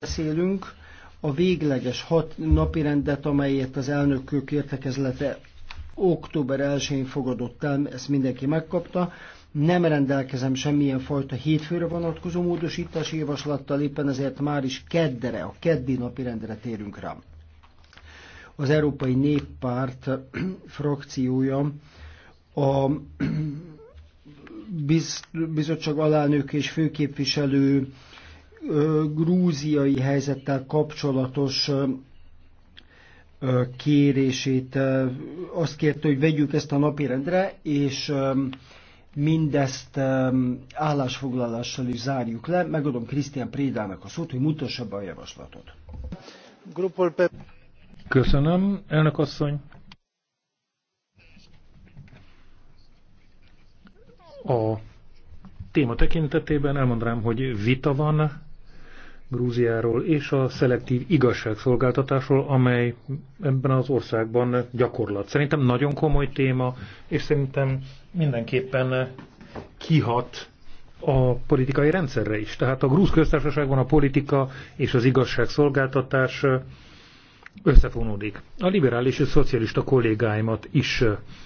beszélünk, a végleges hat rendet, amelyet az elnökök értekezlete október 1-én fogadott el, ezt mindenki megkapta. Nem rendelkezem semmilyen fajta hétfőre vonatkozó módosítási javaslattal, éppen ezért már is keddere, a keddi napirendre térünk rá. Az Európai Néppárt frakciója a bizottság alelnök és főképviselő grúziai helyzettel kapcsolatos kérését. Azt kérte, hogy vegyük ezt a napirendre, és mindezt állásfoglalással is zárjuk le. Megadom Krisztián Prédának a szót, hogy mutassa be a javaslatot. Köszönöm, elnök asszony. A téma tekintetében elmondanám, hogy vita van Grúziáról és a szelektív igazságszolgáltatásról, amely ebben az országban gyakorlat. Szerintem nagyon komoly téma, és szerintem mindenképpen kihat a politikai rendszerre is. Tehát a grúz köztársaságban a politika és az igazságszolgáltatás összefonódik. A liberális és szocialista kollégáimat is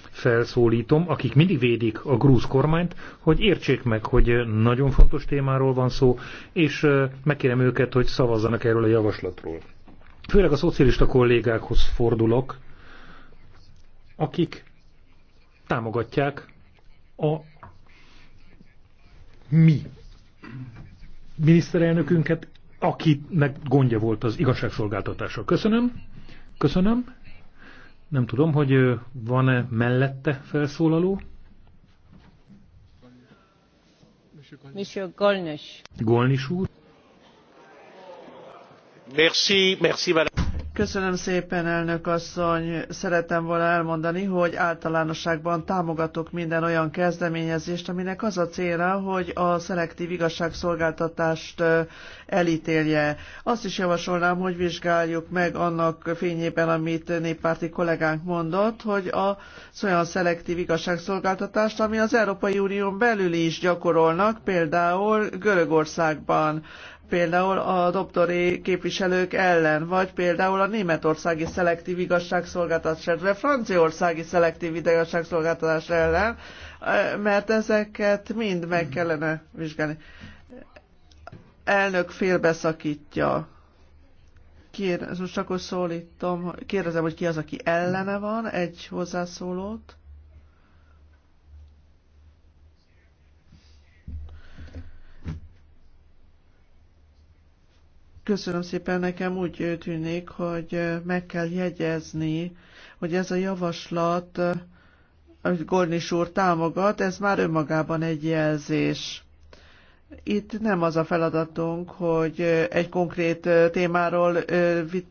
felszólítom, akik mindig védik a grúz kormányt, hogy értsék meg, hogy nagyon fontos témáról van szó, és megkérem őket, hogy szavazzanak erről a javaslatról. Főleg a szocialista kollégákhoz fordulok, akik támogatják a mi miniszterelnökünket akinek gondja volt az igazságszolgáltatásra. Köszönöm. Köszönöm. Nem tudom, hogy van-e mellette felszólaló. Monsieur Golnis. Golnis úr. Merci, merci, madame. Köszönöm szépen, elnök asszony. Szeretem volna elmondani, hogy általánosságban támogatok minden olyan kezdeményezést, aminek az a célja, hogy a szelektív igazságszolgáltatást elítélje. Azt is javasolnám, hogy vizsgáljuk meg annak fényében, amit néppárti kollégánk mondott, hogy a olyan szelektív igazságszolgáltatást, ami az Európai Unión belül is gyakorolnak, például Görögországban például a doktori képviselők ellen, vagy például a németországi szelektív igazságszolgáltatás, vagy franciaországi szelektív igazságszolgáltatás ellen, mert ezeket mind meg kellene vizsgálni. Elnök félbeszakítja. Kér, most akkor szólítom, kérdezem, hogy ki az, aki ellene van egy hozzászólót. Köszönöm szépen, nekem úgy tűnik, hogy meg kell jegyezni, hogy ez a javaslat, amit Gornis úr támogat, ez már önmagában egy jelzés itt nem az a feladatunk, hogy egy konkrét témáról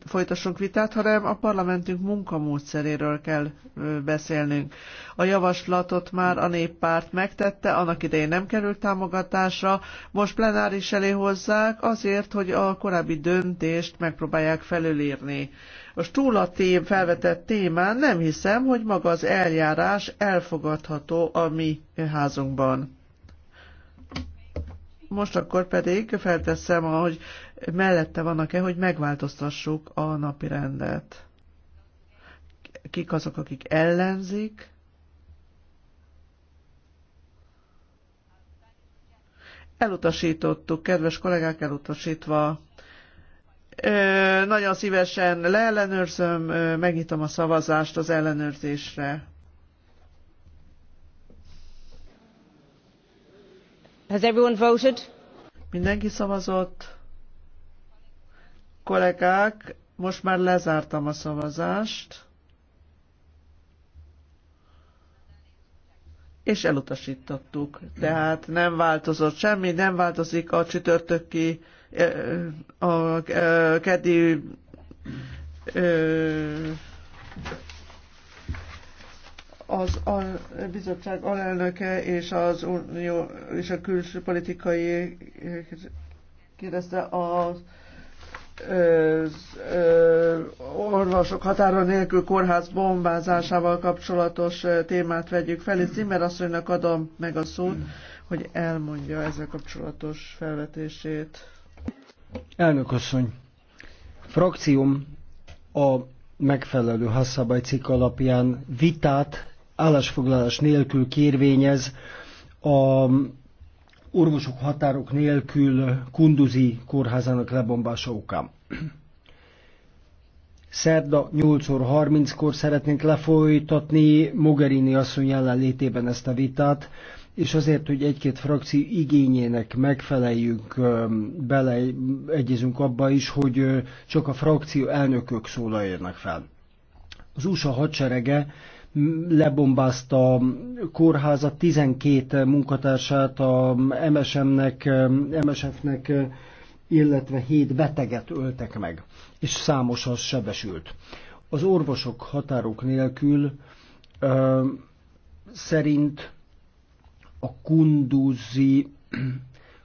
folytassunk vitát, hanem a parlamentünk munkamódszeréről kell beszélnünk. A javaslatot már a néppárt megtette, annak idején nem került támogatásra, most plenáris elé hozzák azért, hogy a korábbi döntést megpróbálják felülírni. A túl a tém, felvetett témán nem hiszem, hogy maga az eljárás elfogadható a mi házunkban. Most akkor pedig felteszem, hogy mellette vannak-e, hogy megváltoztassuk a napi rendet. Kik azok, akik ellenzik? Elutasítottuk, kedves kollégák, elutasítva. Ö, nagyon szívesen leellenőrzöm, ö, megnyitom a szavazást az ellenőrzésre. Has everyone voted? Mindenki szavazott. Kollégák, most már lezártam a szavazást. És elutasítottuk. Tehát nem változott semmi, nem változik a csütörtöki, a keddi az a bizottság alelnöke és az unió és a külső politikai kérdezte a az, az orvosok határa nélkül kórház bombázásával kapcsolatos témát vegyük fel, és Zimmer asszonynak adom meg a szót, hogy elmondja ezzel kapcsolatos felvetését. Elnök asszony, frakcióm a megfelelő Hasszabály cikk alapján vitát állásfoglalás nélkül kérvényez a orvosok határok nélkül Kunduzi kórházának lebombása okán. Szerda 8 óra 30-kor szeretnénk lefolytatni Mogherini asszony jelenlétében ezt a vitát, és azért, hogy egy-két frakció igényének megfeleljünk, bele egyezünk abba is, hogy csak a frakció elnökök szólaljanak fel. Az USA hadserege lebombázta a kórházat, 12 munkatársát a MSM-nek, MSF-nek, illetve 7 beteget öltek meg, és számos az sebesült. Az orvosok határok nélkül ö, szerint a kunduzi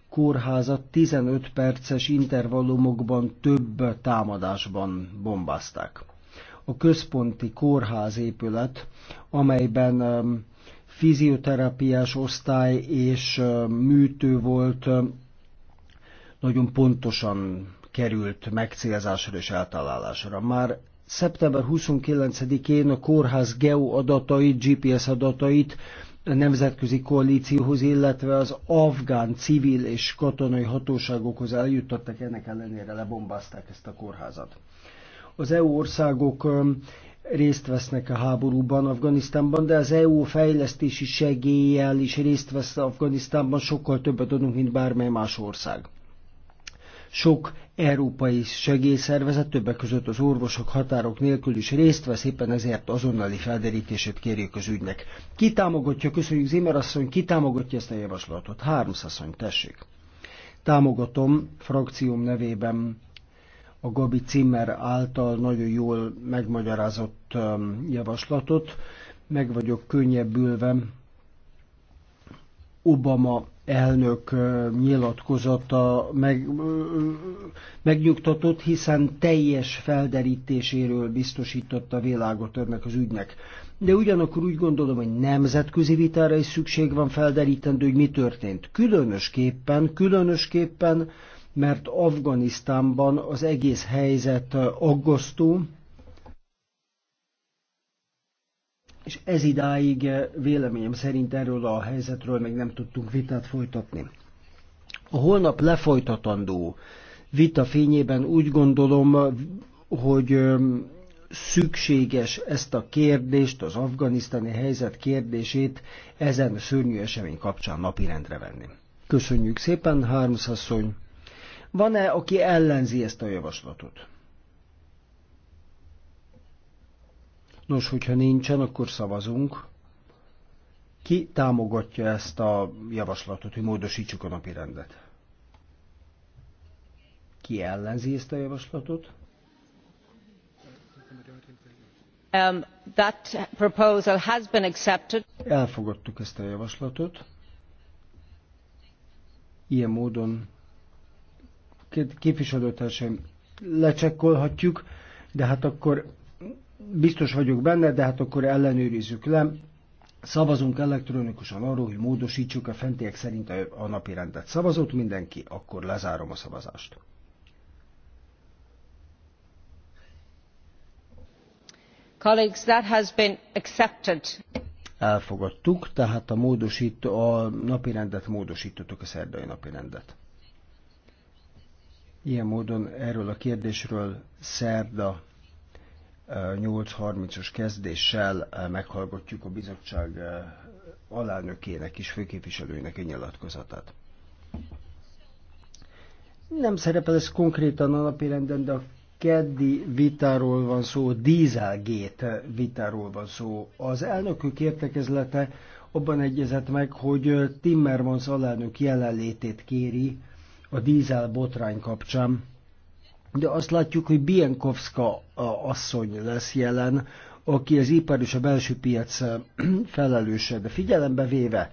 kórházat 15 perces intervallumokban több támadásban bombázták a központi kórház épület, amelyben um, fizioterápiás osztály és um, műtő volt, um, nagyon pontosan került megcélzásra és eltalálásra. Már szeptember 29-én a kórház GEO adatait, GPS adatait a nemzetközi koalícióhoz, illetve az afgán civil és katonai hatóságokhoz eljuttattak, ennek ellenére lebombázták ezt a kórházat. Az EU országok részt vesznek a háborúban Afganisztánban, de az EU fejlesztési segéllyel is részt vesz Afganisztánban, sokkal többet adunk, mint bármely más ország. Sok európai segélyszervezet, többek között az orvosok határok nélkül is részt vesz, éppen ezért azonnali felderítését kérjük az ügynek. Ki támogatja, köszönjük Zimmer asszony, ki támogatja ezt a javaslatot? Hármsz tessék. Támogatom frakcióm nevében a Gabi Zimmer által nagyon jól megmagyarázott um, javaslatot. Meg vagyok könnyebbülve Obama elnök uh, nyilatkozata meg, uh, megnyugtatott, hiszen teljes felderítéséről biztosította a világot ennek az ügynek. De ugyanakkor úgy gondolom, hogy nemzetközi vitára is szükség van felderítendő, hogy mi történt. Különösképpen, különösképpen mert Afganisztánban az egész helyzet aggasztó, és ez idáig véleményem szerint erről a helyzetről még nem tudtunk vitát folytatni. A holnap lefolytatandó vita fényében úgy gondolom, hogy szükséges ezt a kérdést, az afganisztáni helyzet kérdését ezen szörnyű esemény kapcsán napirendre venni. Köszönjük szépen, Harms asszony! Van-e, aki ellenzi ezt a javaslatot? Nos, hogyha nincsen, akkor szavazunk. Ki támogatja ezt a javaslatot, hogy módosítsuk a napi rendet? Ki ellenzi ezt a javaslatot? Um, that proposal has been accepted. Elfogadtuk ezt a javaslatot. Ilyen módon képviselőtársaim, lecsekkolhatjuk, de hát akkor biztos vagyok benne, de hát akkor ellenőrizzük le. Szavazunk elektronikusan arról, hogy módosítsuk a fentiek szerint a napi rendet. Szavazott mindenki, akkor lezárom a szavazást. Colleagues, that has been accepted. Elfogadtuk, tehát a, módosító, a napirendet módosítottuk, a szerdai napirendet. Ilyen módon erről a kérdésről szerda 8.30-os kezdéssel meghallgatjuk a bizottság alelnökének és főképviselőjének egy nyilatkozatát. Nem szerepel ez konkrétan a napirenden, de a keddi vitáról van szó, dízelgét vitáról van szó. Az elnökök értekezlete abban egyezett meg, hogy Timmermans alelnök jelenlétét kéri a dízel botrány kapcsán, de azt látjuk, hogy Bienkowska asszony lesz jelen, aki az ipar és a belső piac felelőse, de figyelembe véve,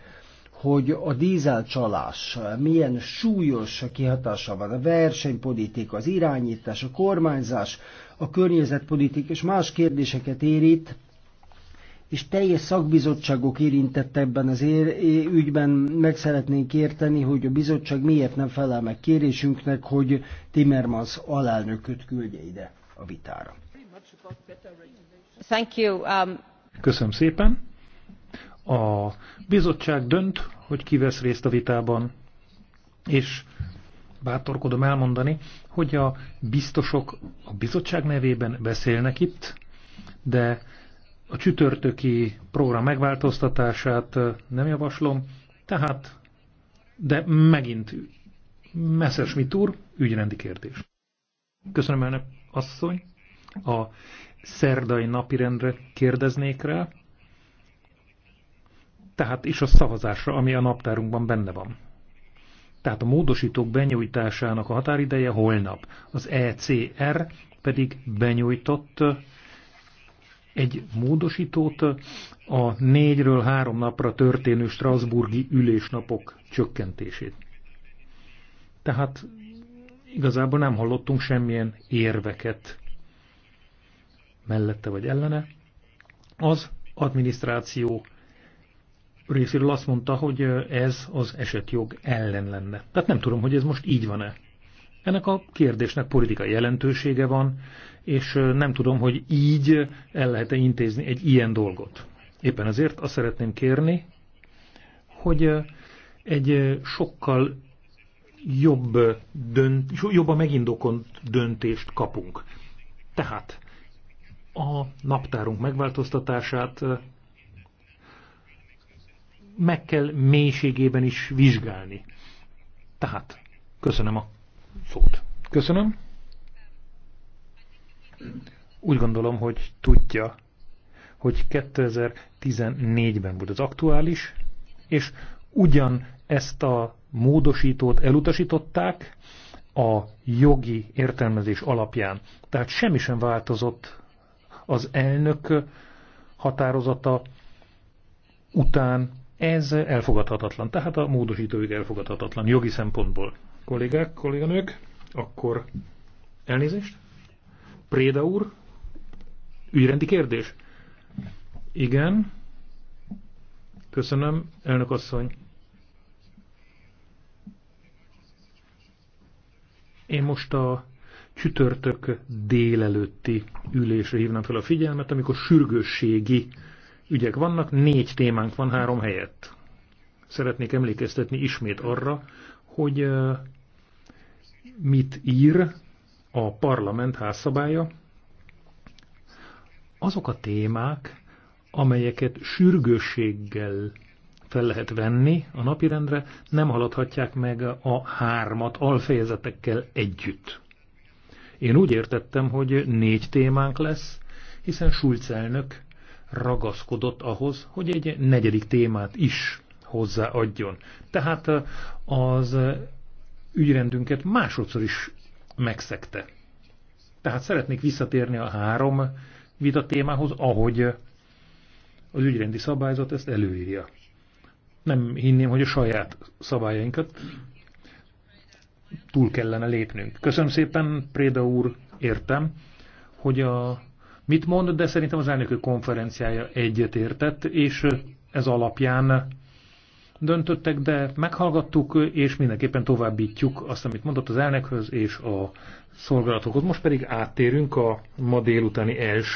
hogy a dízel csalás milyen súlyos kihatása van a versenypolitika, az irányítás, a kormányzás, a környezetpolitika és más kérdéseket érít, és teljes szakbizottságok érintett ebben az ügyben, meg szeretnénk érteni, hogy a bizottság miért nem felel meg kérésünknek, hogy Timmermans alelnököt küldje ide a vitára. Thank you. Um... Köszönöm szépen. A bizottság dönt, hogy ki vesz részt a vitában, és bátorkodom elmondani, hogy a biztosok a bizottság nevében beszélnek itt, de a csütörtöki program megváltoztatását nem javaslom, tehát, de megint mit úr, ügyrendi kérdés. Köszönöm elnök asszony. A szerdai napirendre kérdeznék rá, tehát is a szavazásra, ami a naptárunkban benne van. Tehát a módosítók benyújtásának a határideje holnap, az ECR pedig benyújtott egy módosítót a négyről három napra történő Strasburgi ülésnapok csökkentését. Tehát igazából nem hallottunk semmilyen érveket mellette vagy ellene. Az adminisztráció részéről azt mondta, hogy ez az esetjog ellen lenne. Tehát nem tudom, hogy ez most így van-e. Ennek a kérdésnek politikai jelentősége van, és nem tudom, hogy így el lehet-e intézni egy ilyen dolgot. Éppen ezért azt szeretném kérni, hogy egy sokkal jobb dönt, jobban megindokon döntést kapunk. Tehát a naptárunk megváltoztatását meg kell mélységében is vizsgálni. Tehát köszönöm a szót. Köszönöm. Úgy gondolom, hogy tudja, hogy 2014-ben volt az aktuális, és ugyan ezt a módosítót elutasították a jogi értelmezés alapján. Tehát semmi sem változott az elnök határozata után. Ez elfogadhatatlan, tehát a módosítóig elfogadhatatlan jogi szempontból kollégák, kolléganők, akkor elnézést. Préda úr, ügyrendi kérdés? Igen. Köszönöm, elnök asszony. Én most a csütörtök délelőtti ülésre hívnám fel a figyelmet, amikor sürgősségi ügyek vannak, négy témánk van három helyett. Szeretnék emlékeztetni ismét arra, hogy mit ír a parlament házszabálya, azok a témák, amelyeket sürgősséggel fel lehet venni a napirendre, nem haladhatják meg a hármat alfejezetekkel együtt. Én úgy értettem, hogy négy témánk lesz, hiszen Schulz elnök ragaszkodott ahhoz, hogy egy negyedik témát is hozzáadjon. Tehát az ügyrendünket másodszor is megszegte. Tehát szeretnék visszatérni a három vita témához, ahogy az ügyrendi szabályzat ezt előírja. Nem hinném, hogy a saját szabályainkat túl kellene lépnünk. Köszönöm szépen, Préda úr, értem, hogy a, mit mond, de szerintem az elnökök konferenciája egyetértett, és ez alapján döntöttek, de meghallgattuk, és mindenképpen továbbítjuk azt, amit mondott az elnökhöz és a szolgálatokhoz. Most pedig áttérünk a ma délutáni első